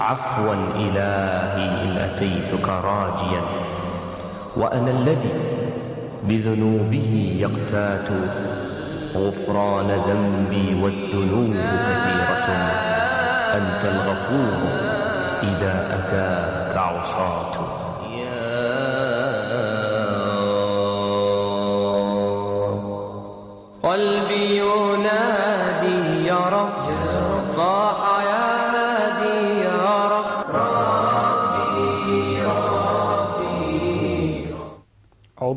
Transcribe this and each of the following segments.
عفوا إلهي إن أتيتك راجيا وأنا الذي بذنوبه يقتات غفران ذنبي والذنوب كثيرة أنت الغفور إذا أتاك عصاة قلبي ينادي يا رب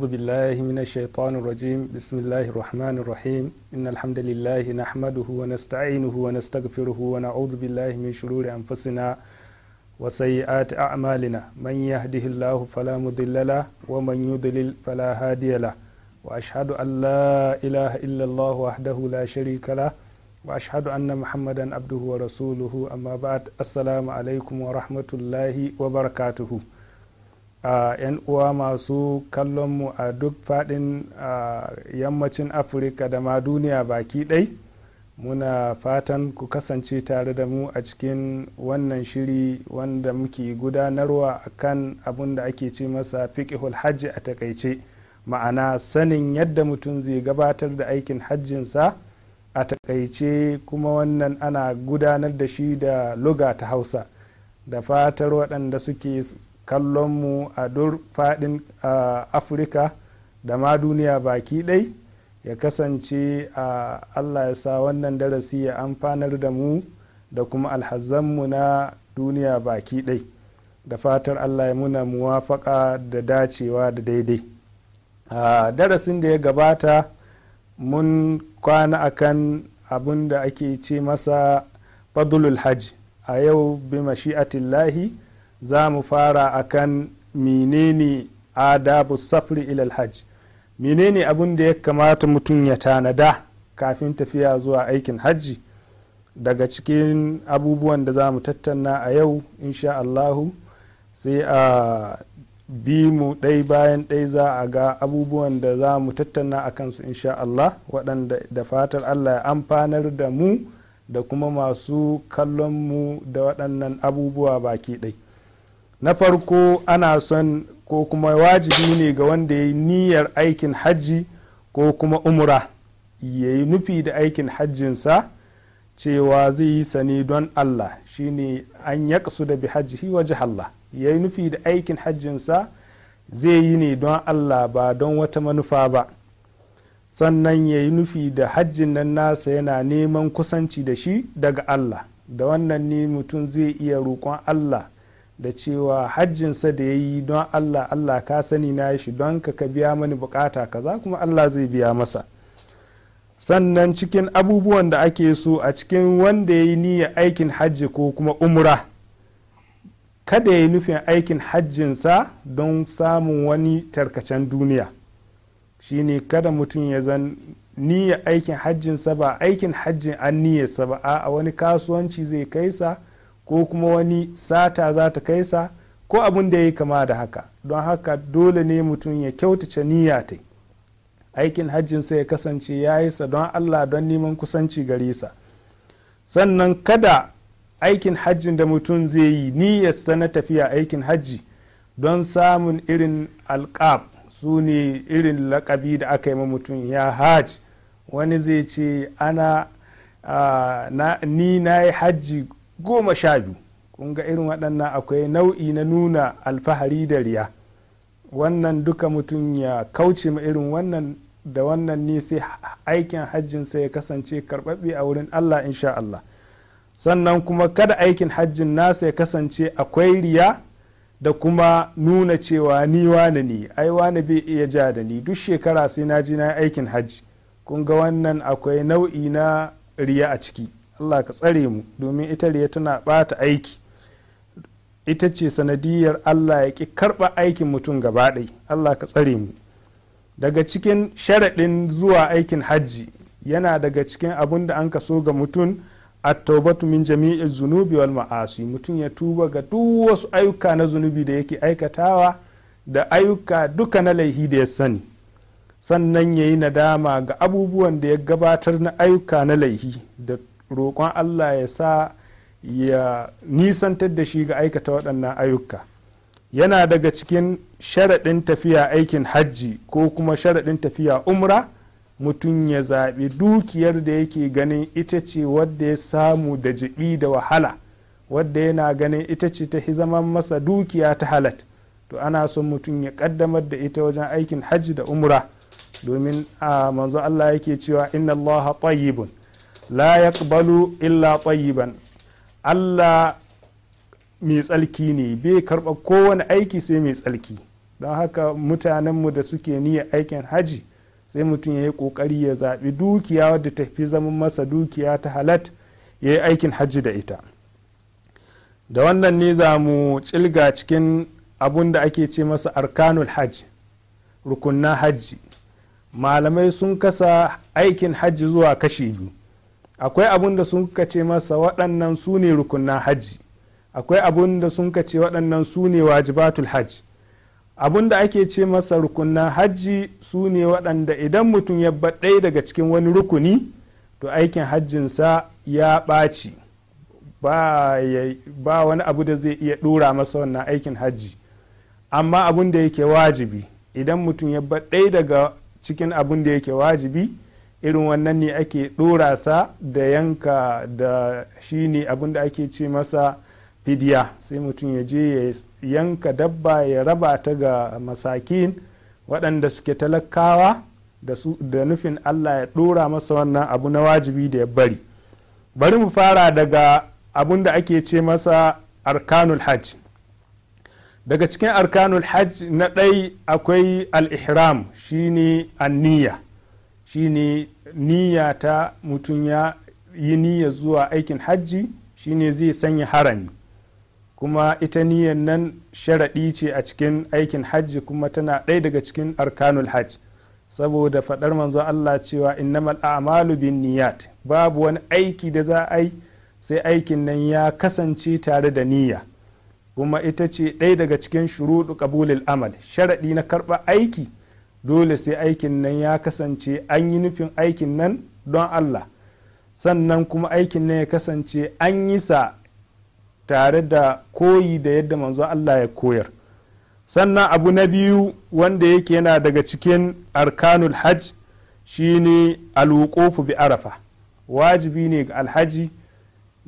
أعوذ بالله من الشيطان الرجيم بسم الله الرحمن الرحيم إن الحمد لله نحمده ونستعينه ونستغفره ونعوذ بالله من شرور أنفسنا وسيئات أعمالنا من يهده الله فلا مضل له ومن يضلل فلا هادي له وأشهد أن لا إله إلا الله وحده لا شريك له وأشهد أن محمدا عبده ورسوله أما بعد السلام عليكم ورحمة الله وبركاته 'yan uwa masu kallonmu a duk faɗin yammacin afirka da ma duniya baki ɗai muna fatan ku kasance tare da mu a cikin wannan shiri wanda muke gudanarwa a kan abin da ake ce masa fiƙihul hajji a takaice ma'ana sanin yadda mutum zai gabatar da aikin hajjinsa a takaice kuma wannan ana gudanar da shi da luga ta hausa da fatar waɗanda suke kallonmu a dur fadin afirka da ma duniya baki ɗai ya kasance a allah ya sa wannan darasi ya amfanar da mu da kuma alhazanmu na duniya baki ɗai da fatar allah ya muna muwafaka da dacewa da daidai darasin da ya gabata mun kwana akan abin da ake ce masa fadlul hajj a yau bi mashi'atillahi za mu fara a akan menene adabu safri ilal hajj menene abin da ya kamata mutum ya tanada kafin tafiya zuwa aikin hajji daga cikin abubuwan da za mu tattauna a yau insha allahu sai a bi mu ɗai bayan ɗai za a ga abubuwan da za mu tattauna a kansu insha allah waɗanda da fatar allah ya amfanar da mu da kuma masu kallon mu da waɗannan abubuwa baki ɗai na farko ana son ko kuma wajibi ne ga wanda ya yi niyyar aikin hajji ko kuma umra ya yi nufi da aikin hajjinsa cewa zai yi sani don allah shine an ya kasu da bi hajji waje allah ya yi nufi da aikin hajjinsa zai yi ne don allah ba don wata manufa ba sannan ya yi nufi da hajjin nan nasa yana neman kusanci da shi daga allah da wannan ne mutum zai iya roƙon allah da cewa hajjinsa da ya yi don allah allah ka sani na shi don ka ka biya mani bukata kaza kuma allah zai biya masa sannan cikin abubuwan da ake so a cikin wanda ya yi niyyar aikin hajji ko kuma umra kada ya yi nufin aikin hajjinsa don samun wani tarkacen duniya shine kada mutum ya zan niyyar aikin hajjinsa ba aikin hajjin an niyyarsa ba a wani kasuwanci zai kaisa ko kuma wani sata za ta kai sa ko abin da ya yi kama da haka don haka dole ne mutum ya kyautace niyya ta aikin hajjinsa ya kasance ya yi sa don allah don neman kusanci gare sa sannan kada aikin hajjin da mutum zai yi niyyarsa na tafiya aikin hajji don samun irin alkab su ne irin lakabi da aka yi mutum ya hajj wani zai ce ana ni na yi hajji goma sha biyu kun ga irin waɗannan akwai nau'i na nuna alfahari da riya wannan duka mutum ya kauce ma irin wannan da wannan ne sai aikin hajjinsa ya kasance karɓaɓɓe a wurin allah insha allah sannan kuma kada aikin hajjin nasa ya kasance akwai riya da kuma nuna cewa ni wani ne ai wani bai iya ja da ni duk shekara sai na ji na aikin hajji kun ga wannan akwai nau'i na riya a ciki allah ka tsare mu domin ita riya tana bata aiki ita ce sanadiyar allah ya ki karba aikin mutum gaba ɗai allah ka tsare mu daga cikin sharaɗin zuwa aikin hajji yana daga cikin abin da an kaso ga mutum a taubatu min jami'in zunubi wal ma'asi mutum ya tuba ga duk wasu ayyuka na zunubi da yake aikatawa da ayuka duka na laihi da ya sani sannan ya yi nadama ga abubuwan da ya gabatar na ayuka na laihi da roƙon allah ya sa ya nisantar da shi ga aikata waɗannan ayyuka yana daga cikin sharaɗin tafiya aikin hajji ko kuma sharaɗin tafiya umra mutum ya zaɓi dukiyar da yake ganin ita ce wadda ya samu da jiɓi da wahala wadda yana ganin ita ce ta zaman masa dukiya ta halat to ana son mutum ya ƙaddamar da ita wajen aikin hajji da umra domin a ah, manzo allah yake cewa inna allaha tayyibun la balu illa tayyiban Allah mai tsalki ne bai karɓa kowane aiki sai mai tsalki don haka mutanenmu da suke niyya aikin haji sai mutum ya yi ƙoƙari ya zaɓi dukiya wadda ta fi zaman masa dukiya ta halat ya yi aikin haji da ita da wannan ne za mu cilga cikin abun da ake ce masa arkanul hajji rukunna hajji malamai sun kasa aikin hajji zuwa kashi biyu akwai abun da sun ce masa waɗannan su ne rukunan hajji akwai abun da sun ce waɗannan su ne wajibatul hajji abun da ake ce masa rukunan hajji su ne waɗanda idan mutum ya baɗai daga cikin wani rukuni to aikin hajjinsa ya ɓaci ba, wani abu da zai iya ɗora masa wannan aikin hajji amma abun da yake wajibi idan mutum ya baɗai daga cikin abun da yake wajibi irin wannan ne ake ɗora sa da yanka da shi ne da ake ce masa fidiya sai mutum ya je ya yanka dabba ya raba ta ga masakin waɗanda suke talakawa da nufin allah ya ɗora masa wannan abu na wajibi da ya bari bari mu fara daga abin da ake ce masa arkanul hajj daga cikin arkanul hajj na ɗai akwai al-ihram shine anniya ne. niyya ta mutum ya yi niyya zuwa aikin hajji shine zai sanya harami kuma ita niyyar nan sharaɗi ce a cikin aikin hajji kuma tana ɗaya daga cikin arkanul hajj saboda faɗar manzo Allah cewa innamal a'malu bin niyyat babu wani aiki da za a yi sai aikin nan ya kasance tare da niyya kuma ita ce ɗaya daga cikin shuruɗu ƙabulil amal sharaɗi na karɓa aiki dole sai aikin nan ya kasance an yi nufin aikin nan don allah sannan kuma aikin nan ya kasance an yi sa tare da koyi da yadda manzo allah ya koyar sannan abu na biyu wanda yake yana daga cikin arkanul hajj shine alwuqufu bi arafa wajibi ne ga alhaji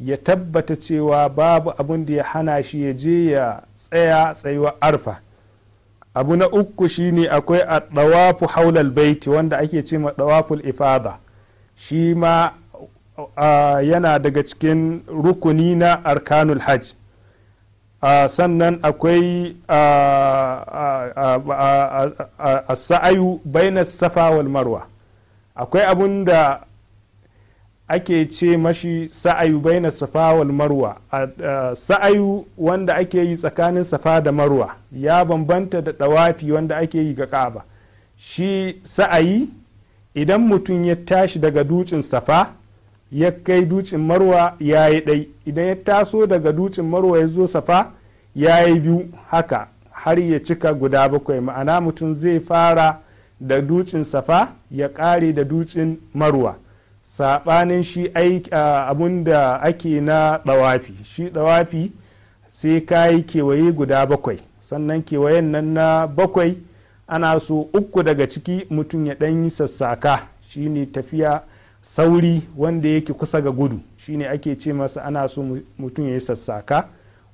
ya tabbata cewa babu abin da ya hana shi ya je ya tsaya tsayuwa arfa abu na uku shine akwai a dawafu haulal baiti wanda ake ce ma dawaful ifada shi ma yana daga cikin rukuni na arkanul hajj sannan akwai a sa'ayu bainas safa wal marwa akwai abun da ake ce mashi sa'ayu baina safa wal marwa sa'ayu wanda ake yi tsakanin safa da marwa ya bambanta da dawafi wanda ake yi ga ka'aba shi sa'ayi idan mutum ya tashi daga dutsen safa ya kai dutsen marwa ya yi ɗai idan ya taso daga dutsen marwa ya zo safa ya yi biyu haka har ya cika guda bakwai ma'ana mutum zai fara da dutsen safa ya ƙare da dutsen marwa saɓanin shi abun da ake na ɗawafi shi ɗawafi sai ka yi kewaye guda bakwai sannan kewayen nan na bakwai ana so uku daga ciki mutum ya ɗan yi sassaka shine tafiya sauri wanda yake kusa ga gudu shine ake ce masa ana so mutum ya yi sassaka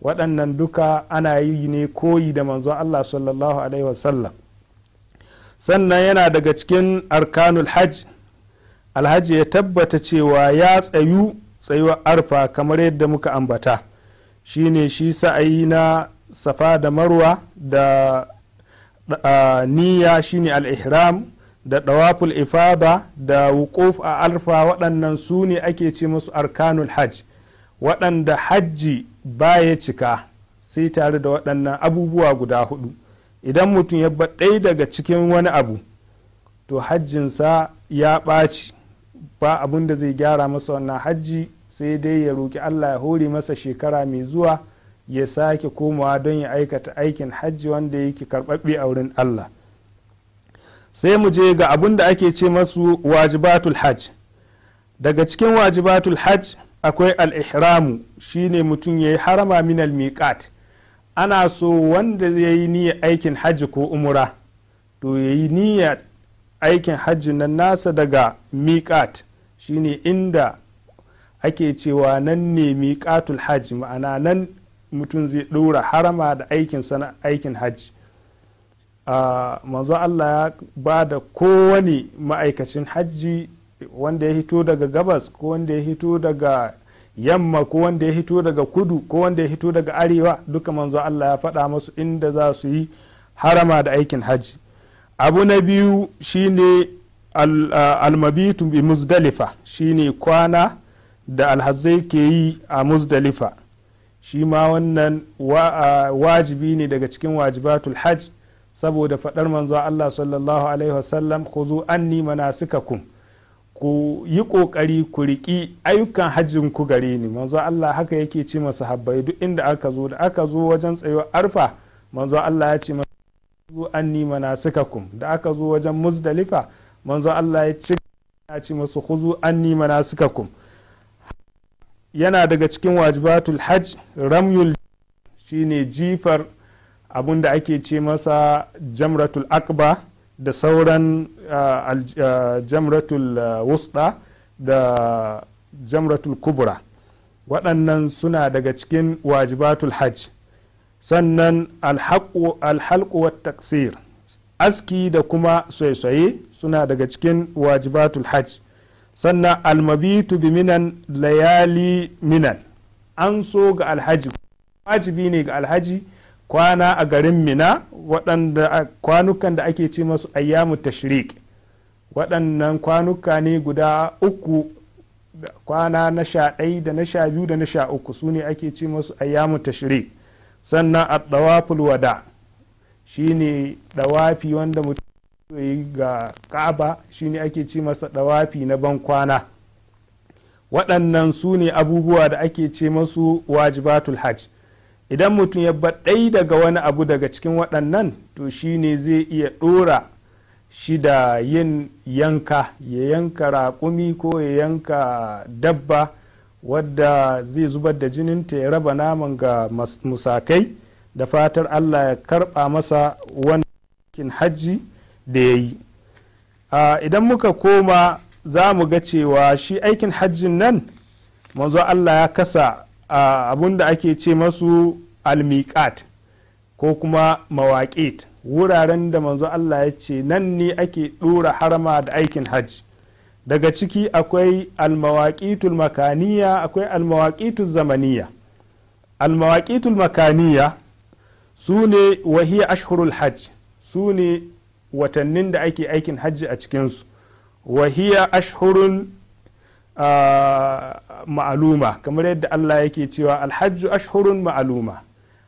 waɗannan duka ana yi ne koyi da manzon allah sallallahu alaihi wasallam sannan yana daga cikin arkanul hajj alhaji ya tabbata cewa ya tsayu tsayuwar arfa kamar yadda muka ambata shine shi sa'ayi na safa da marwa da niyya shine al-ihram da dawaful ifada da wukuf a arfa waɗannan su ne ake ce musu arkanul hajj waɗanda hajji baya cika sai tare da waɗannan abubuwa guda hudu idan mutum ya ɗaya daga cikin wani abu to hajjinsa ya ɓaci ba abun da zai gyara masa wannan hajji sai dai ya roki allah ya hori masa shekara mai zuwa ya sake komawa don ya aikata aikin hajji wanda yake karɓaɓɓe a wurin allah sai mu je ga abun da ake ce masu wajibatul hajj daga cikin wajibatul hajj akwai al-ihramu shine mutum ya yi harama min al ana so wanda ya yi niyyar aikin hajji ko umura to ya yi niyyar aikin hajji na nasa daga miƙat shine inda ake cewa nan ne miƙatul hajji ma'ana nan mutum zai ɗora harama da aikin sana aikin hajji manzo Allah ya ba da kowane ma'aikacin hajji wanda ya hito daga gabas ko wanda ya hito daga yamma ko wanda ya hito daga kudu ko wanda ya hito daga arewa duka manzo Allah ya faɗa masu inda za su yi harama da aikin hajji abu na biyu shine uh, almabitu bi muzdalifa shine kwana da alhazai ke yi a muzdalifa shi ma wannan uh, wajibi ne daga cikin wajibatul hajj saboda faɗar manzo Allah sallallahu alaihi wasallam ku zo anni manasikakum ku yi ƙoƙari ku riƙi ayyukan hajjin ku gare ni manzo Allah haka yake ce masa duk inda aka zo da aka zo wajen tsayo arfa manzo Allah ya ce an na suka kum da aka zo wajen muzdalifa manzo Allah ya ci ya ci masu na suka kum. yana daga cikin wajibatul hajj ramyul shine jifar abun da ake ce masa jamratul akba da sauran jamratul wusta da jamratul kubra waɗannan suna daga cikin wajibatul hajj sannan alhalkuwar taksir aski da kuma soye suna daga cikin wajibatul hajj sannan almabitu bi minan layali minan an so ga alhaji wajibi ne ga alhaji kwana a garin mina waɗanda kwanukan da ake ce masu ayyamu tashrik waɗannan kwanuka ne guda uku kwana na sha ɗai da na sha biyu da na sha uku su ne ake ce masu ayyamu tashrik sannan a dawaful wada shine dawafi wanda mutum yi ga ka'aba shine ake ce masa dawafi na ban kwana waɗannan su ne abubuwa da ake ce masu wajibatul hajj idan mutum ya baɗai daga wani abu daga cikin waɗannan to shine zai iya ɗora shi da yin yanka ya yanka raƙumi ko ya yanka dabba wadda zai zubar da jinin ta ya raba naman ga musakai da fatar allah ya karba masa wani hajji da ya yi idan muka koma za mu ga cewa shi aikin hajjin nan manzo allah ya kasa abun da ake ce masu almiqat ko kuma mawaƙit wuraren da manzo allah ya ce nan ne ake ɗora harama da aikin hajji daga ciki akwai almawaƙitul makaniya akwai almawaƙitul zamaniya almawaƙitul makaniya su ne wahiyar ashhurul hajj su ne watannin da ake aikin hajji a cikinsu wahiyar ashhurun ah, ma'aluma kamar yadda allah yake cewa alhajju ashhurun ma'aluma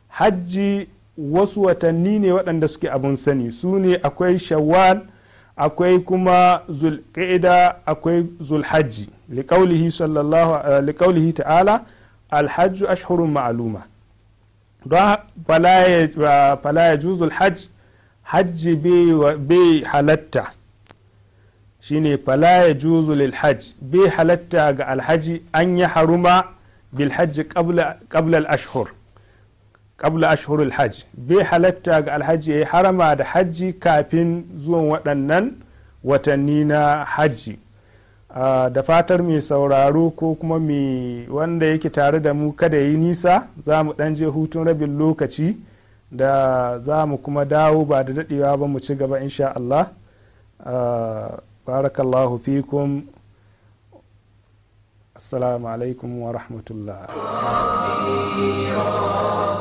hajji wasu watanni ne waɗanda suke abun sani su ne akwai shawwal akwai kuma zulqa'ida akwai zulhajji liqaulihi eh, ta'ala alhajju ashhurun ma'luma don falaya juzul hajj hajji bai halatta shine fala juzul hajj bai halatta ga alhaji an yi haruma bil hajji qabla ashhur qabla ashhurul hajj bai halatta ga alhaji ya yi harama da hajji kafin zuwan waɗannan watanni na hajji ah, da fatar mai sauraro ko kuma mai wanda yake tare da mu kada yi nisa za mu ɗan je hutun rabin lokaci da za mu kuma dawo ba da daɗewa ba mu ci gaba insha Allah ah, barakallahu fikum assalamu alaikum wa rahmatullah